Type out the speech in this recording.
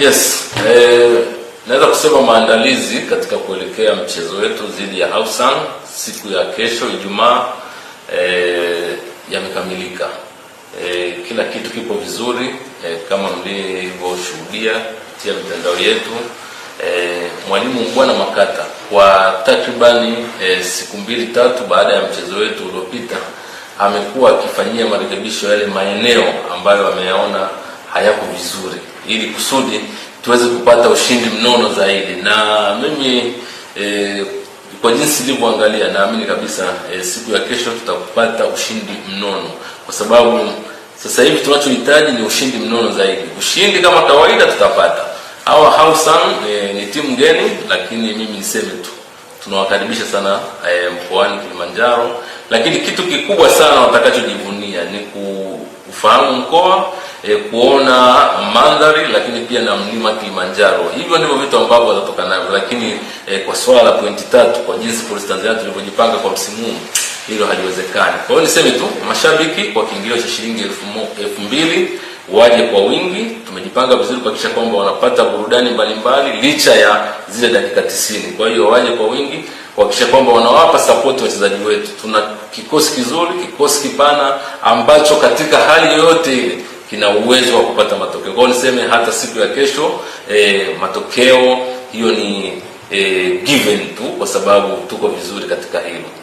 Yes, eh, naweza kusema maandalizi katika kuelekea mchezo wetu dhidi ya Hausan siku ya kesho Ijumaa eh, yamekamilika. Eh, kila kitu kipo vizuri eh, kama mlivyoshuhudia kupitia mitandao yetu eh, mwalimu Bwana Makata kwa takribani eh, siku mbili tatu baada ya mchezo wetu uliopita amekuwa akifanyia marekebisho yale maeneo ambayo ameyaona hayako vizuri, ili kusudi tuweze kupata ushindi mnono zaidi. Na mimi e, kwa jinsi nilivyoangalia naamini kabisa e, siku ya kesho tutakupata ushindi mnono, kwa sababu sasa hivi tunachohitaji ni ushindi mnono zaidi. Ushindi kama kawaida tutapata. Hawa Hausan e, ni timu geni, lakini mimi niseme tu tunawakaribisha sana e, mkoani Kilimanjaro, lakini kitu kikubwa sana watakachojivunia ni kufahamu mkoa e, kuona mandhari lakini pia na mlima Kilimanjaro. Hivyo ndivyo vitu ambavyo watatoka navyo, lakini e, kwa swala la pointi tatu, kwa jinsi polisi Tanzania tulivyojipanga kwa msimu hilo haliwezekani. Kwa hiyo niseme tu mashabiki kwa kiingilio cha shilingi elfu mbili waje kwa wingi. Tumejipanga vizuri kuhakikisha kwamba wanapata burudani mbalimbali licha ya zile dakika tisini. Kwa hiyo waje kwa wingi kuhakikisha kwamba wanawapa sapoti wachezaji wetu. Tuna kikosi kizuri, kikosi kipana ambacho katika hali yoyote ile kina uwezo wa kupata matokeo. Kwa niseme hata siku ya kesho eh, matokeo hiyo ni eh, given tu, kwa sababu tuko vizuri katika hilo.